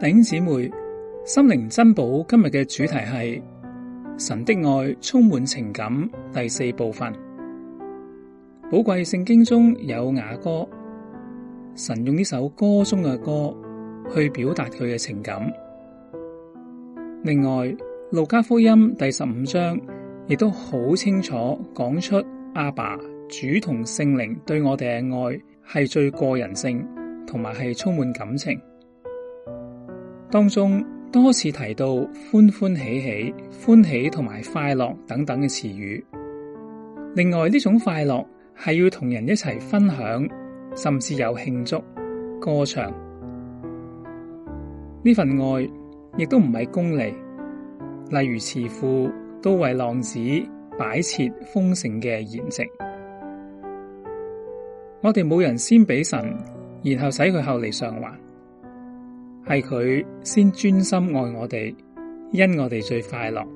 弟兄姊妹，心靈珍寶今日嘅主題係神的愛充滿情感第四部分。寶貴聖經中有雅歌，神用呢首歌中嘅歌去表達佢嘅情感。另外，路加福音第十五章亦都好清楚講出阿爸，爸主同聖靈對我哋嘅愛係最個人性，同埋係充滿感情。當中多次提到歡歡喜喜、歡喜同埋快樂等等嘅詞語。另外呢種快樂係要同人一齊分享，甚至有慶祝、歌唱。呢份愛亦都唔係功利，例如慈父都為浪子擺設豐盛嘅筵席。我哋冇人先俾神，然後使佢後嚟償還。係佢先專心愛我哋，因我哋最快樂，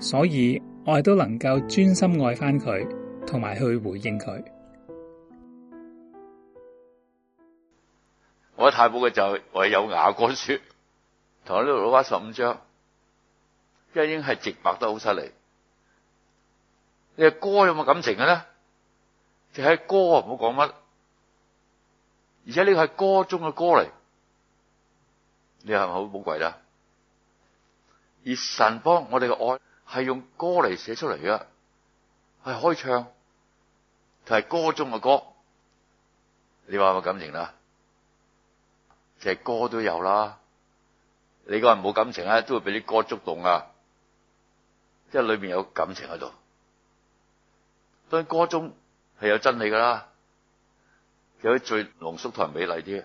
所以我哋都能夠專心愛翻佢，同埋去回應佢、就是。我太寶嘅就我有雅歌書，同我呢度攞翻十五章，一應係直白得好犀利。你歌有冇感情嘅呢？其、就、實、是、歌唔好講乜，而且呢個係歌中嘅歌嚟。你係咪好寶貴啦？而神幫我哋嘅愛係用歌嚟寫出嚟嘅，係開唱，就係歌中嘅歌。你話有冇感情啦？其實歌都有啦，你個人冇感情啊，都會俾啲歌觸動啊，即係裏面有感情喺度。當然，歌中係有真理噶啦，有啲最濃縮同埋美麗啲。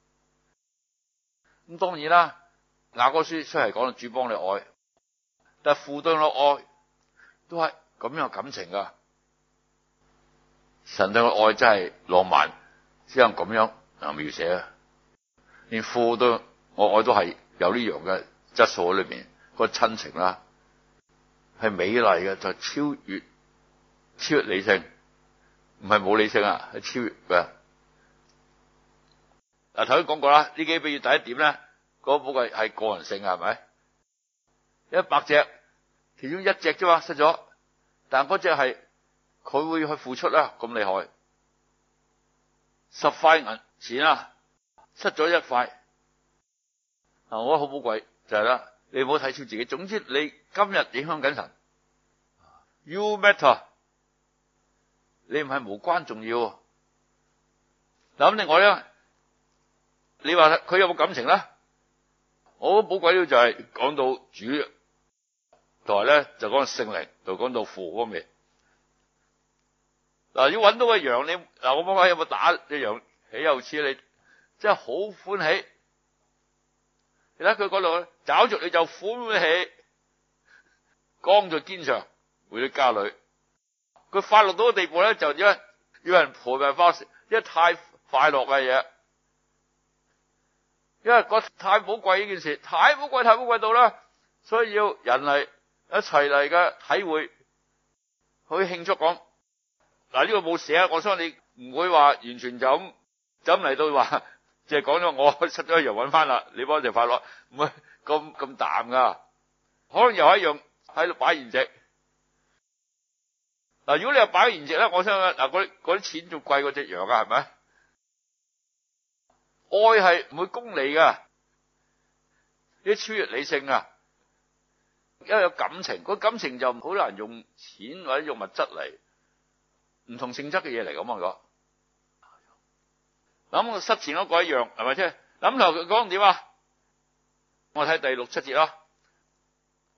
咁當然啦，雅歌書雖然講主幫你愛，但係父對我愛都係咁樣感情噶。神對我愛真係浪漫，只能咁樣嚟描寫啊！連父對我愛都係有呢樣嘅質素喺裏邊，個親情啦係美麗嘅，就超越超越理性，唔係冇理性啊，係超越嘅。頭先講過啦，呢幾比如第一點咧，嗰寶貴係個人性嘅，係咪？一百隻，其中一隻啫嘛，失咗，但嗰隻係佢會去付出啦，咁厲害。十塊銀錢啊，失咗一塊，啊，我覺得好寶貴就係啦，你唔好睇小自己。總之，你今日影響緊神，You matter，你唔係無關重要。嗱，咁另外咧。你話佢有冇感情啦？我冇鬼料，就係講到主，同埋咧，就講到聖靈，就講到父嗰味。嗱，要揾到個羊，你嗱我冇話有冇打隻羊，喜又似你，真係好歡喜。你睇佢嗰度，找著你就歡喜，扛在肩上回到家裏。佢快樂到個地步咧，就因為有人陪伴，花一太快樂嘅嘢。因為個太寶貴，呢件事太寶貴太寶貴到啦，所以要人嚟一齊嚟嘅體會去慶祝，講嗱呢個冇事呀，我相信你唔會話完全就咁就嚟到話，即係講咗我出咗去又揾翻啦，你幫我哋快樂，唔係咁咁淡噶，可能又係一樣喺度擺筵席嗱，如果你係擺筵席咧，我相信嗱嗰啲嗰啲錢仲貴過隻羊啊，係咪？愛係唔會功利嘅，啲超越理性啊，因為有感情，個感情就好難用錢或者用物質嚟，唔同性質嘅嘢嚟咁樣講。諗個 失錢嗰個一樣係咪先？諗嚟講點啊？我睇第六七節啦。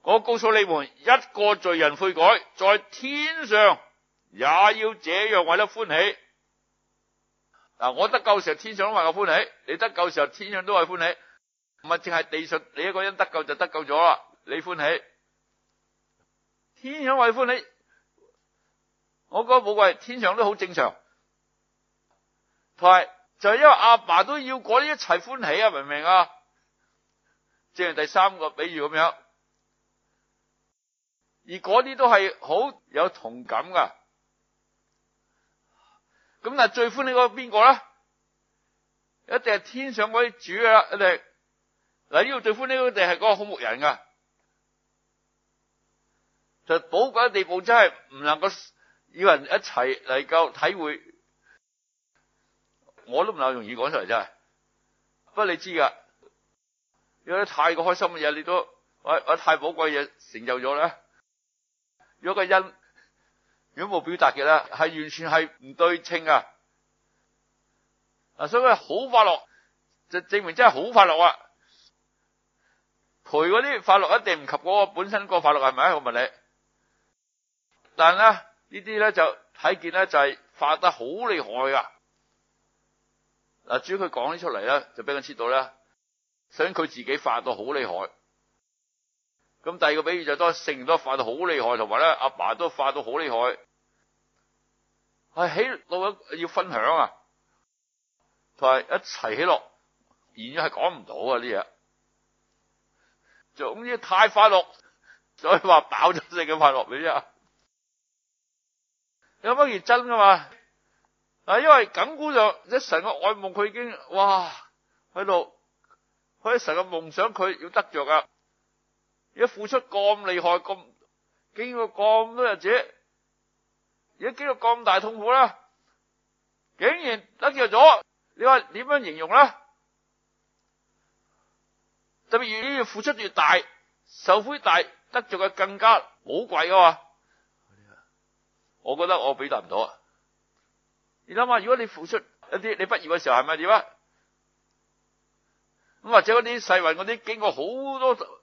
我告訴你們，一個罪人悔改，在天上也要這樣為他歡喜。嗱，我得救嘅時候，天上都為我歡喜；你得救嘅時候，天上都為歡喜。咪係淨係地術，你一個人得救就得救咗啦，你歡喜，天上為歡喜。我覺得冇鬼，天上都好正常。同埋就係因為阿爸都要嗰啲一齊歡喜啊，明唔明啊？即係第三個，比喻咁樣，而嗰啲都係好有同感噶。咁嗱，但最歡呢個邊個咧？一定係天上嗰啲主啊！一定嗱，呢度最歡呢個就係嗰個好牧人噶，就寶貴嘅地步真係唔能夠以人一齊嚟夠體會，我都唔能夠容易講出嚟真係。不過你知噶、哎，如果太過開心嘅嘢，你都我我太寶貴嘢成就咗啦。如果個人。如果冇表達嘅啦，係完全係唔對稱啊！嗱，所以佢好快樂，就證明真係好快樂啊！陪嗰啲快樂一定唔及個本身個快樂係咪？我問你，但係咧呢啲咧就睇見咧就係發得好厲害噶！嗱，主要佢講呢出嚟咧，就俾佢知道咧，想佢自己發到好厲害。咁第二個比喻就當聖都發到好厲害，同埋咧阿爸都發到好厲害，係喜樂要分享啊，同埋一齊喜樂，然之係講唔到啊呢嘢，總之太快樂，所以話飽咗食嘅快樂嚟啫，有乜嘢真噶嘛？嗱，因為緊估就，即係神嘅愛慕佢已經哇喺度，喺神嘅夢想佢要得着噶。而家付出咁厲害，咁經過咁多日子，而家經過咁大痛苦啦，竟然得着咗，你話點樣形容咧？特別要付出越大，受苦大，得着嘅更加好貴啊！我覺得我比達唔到啊！你諗下，如果你付出一啲，你畢業嘅時候係咪點啊？咁或者嗰啲世運嗰啲，經過好多。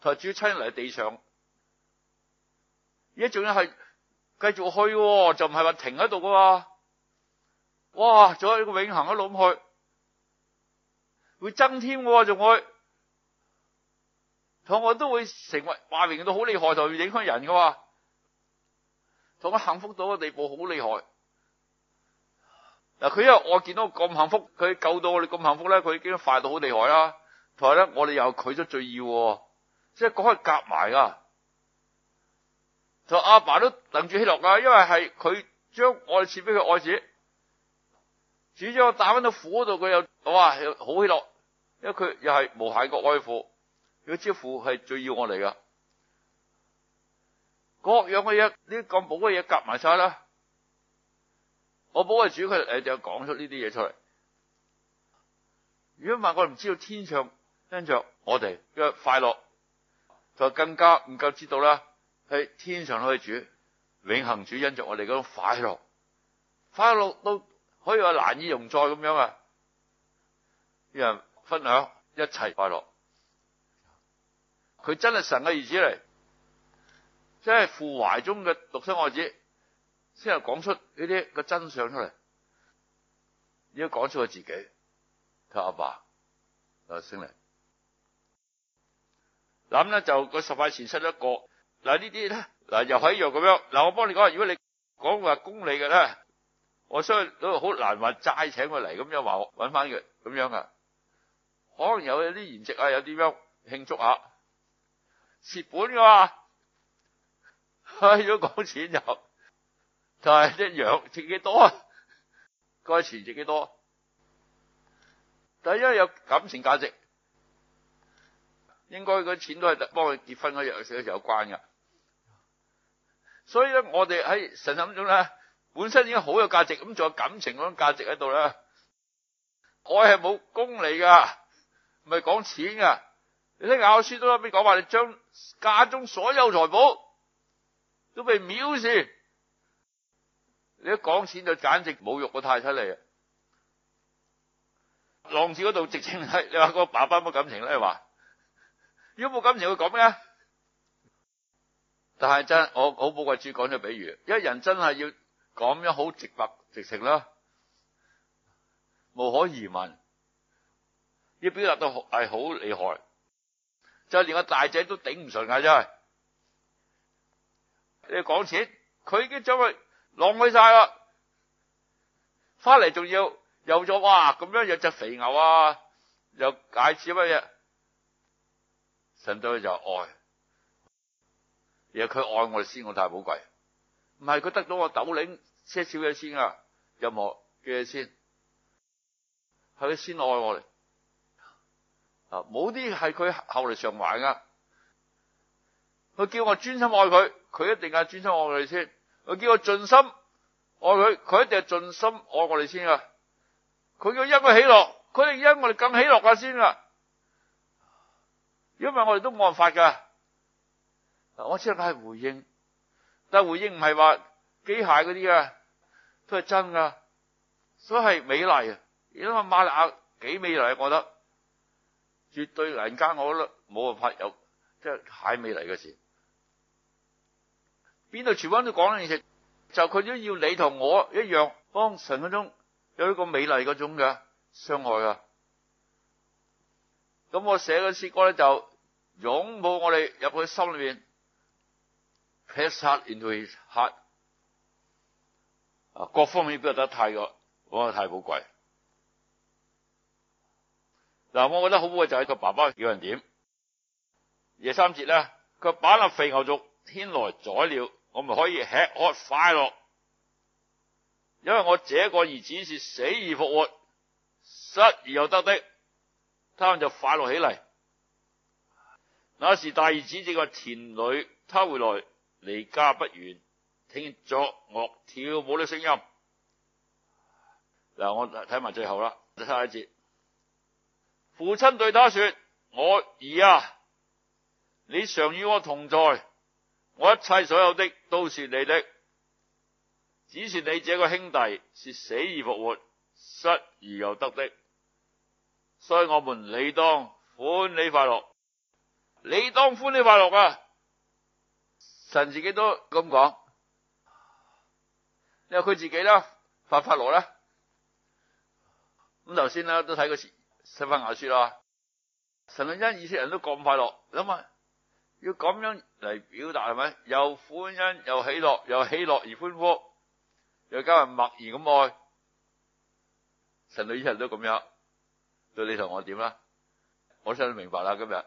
佢話主親嚟地上，而家仲要係繼續去，就唔係話停喺度噶。哇，仲有呢個永恆都咁去，會增添仲會，同我都會成為繁榮到好厲害，同影響人噶。同我幸福到嘅地步好厲害。嗱，佢因為我見到我咁幸福，佢救到我哋咁幸福咧，佢已經快到好厲害啦。同埋咧，我哋又拒咗罪意。即係講開夾埋噶，就阿爸，爸都諗住起落噶，因為係佢將我哋賜俾佢愛子，主將我打翻到苦嗰度，佢又哇又好起落，因為佢又係無限個愛父，果隻父係最要我嚟噶，各樣嘅嘢、呢啲咁寶貴嘢，夾埋晒啦。我寶貴主佢誒，就講出呢啲嘢出嚟。如果唔係我唔知道天上跟著我哋嘅快樂，就更加唔夠知道啦，喺天上都可以住，永恆主因着我哋嗰種快樂，快樂都可以話難以容載咁樣啊，一人分享一，一切快樂。佢真係神嘅兒子嚟，即係父懷中嘅獨生愛子，先係講出呢啲個真相出嚟，而家講出我自己，佢阿爸阿先嚟。諗咧就個十塊錢出一個，嗱呢啲咧，嗱又係一樣咁樣，嗱我幫你講，如果你講話供你嘅咧，我相信都好難話齋請佢嚟，咁樣話搵翻佢咁樣啊，可能有啲筵席啊，有啲樣慶祝下蝕本噶嘛如果講錢就就係啲羊值幾多，個錢值幾多，但係因為有感情價值。應該嗰，錢都係幫佢結婚嗰日有有關噶，所以咧我哋喺神心中咧，本身已經好有價值咁，仲有感情嗰種價值喺度啦。愛係冇功利噶，唔係講錢噶。你睇雅歌書都一邊講話，你將家中所有財寶都被藐視，你一講錢就簡直侮辱個太出嚟啊！浪子嗰度直情係你話個爸爸冇感情咧，話。如果冇金錢，佢講咩？但係真我好寶貴主講咗比喻，一人真係要咁樣好直白直情咯，無可疑問。要表達到係好厲害，就連個大仔都頂唔順啊！真係，你講錢，佢已經將佢浪費晒啦，翻嚟仲要有咗哇咁樣，有隻肥牛啊，又戒指乜嘢？神對佢就愛，而係佢愛我哋先，我太寶貴。唔係佢得到我斗領些少嘢先啊，任何嘅嘢先？係佢先愛我哋啊！冇啲係佢後嚟償還噶。佢叫我專心愛佢，佢一定係專心愛我哋先。佢叫我盡心愛佢，佢一定係盡心愛我哋先啊！佢要因佢喜樂，佢哋因我哋更喜樂下先啊！因為我哋都冇辦法噶，我先係回應，但係回應唔係話機械嗰啲噶，都係真噶，所以係美麗。因為瑪利亞幾美麗，我覺得絕對人家我都冇辦法有即係太美麗嘅事。邊度全部人都講呢件事，就佢都要你同我一樣，幫神嗰種有一個美麗嗰種嘅相愛啊！咁我寫嘅詩歌咧就擁抱我哋入去心裏邊，press 入去心，啊，各方面都有得太過，我覺得太寶貴。嗱、啊，我覺得好寶貴就係佢爸爸叫人點？廿三節咧，佢把那肥牛犢牽來宰了，我咪可以吃喝快樂，因為我這個兒子是死而復活、失而又得的。他們就快樂起嚟。那時大兒子正喺田裏，他回來離家不遠，聽作樂跳舞的聲音。嗱，我睇埋最後啦，下一節。父親對他說：我兒啊，你常與我同在，我一切所有的都是你的。只是你這個兄弟是死而復活、失而又得的。所以我們理當歡喜快樂，理當歡喜快樂噶、啊，神自己都咁講。你話佢自己啦，發發羅啦，咁頭先啦都睇過《西番雅書》啦，神嘅恩以色列人都咁快樂，諗下要咁樣嚟表達係咪？又歡欣，又喜樂，又喜樂而歡呼，又加埋默然咁愛，神嘅以色列人都咁樣。對你同我點啦？我想你明白啦，今日。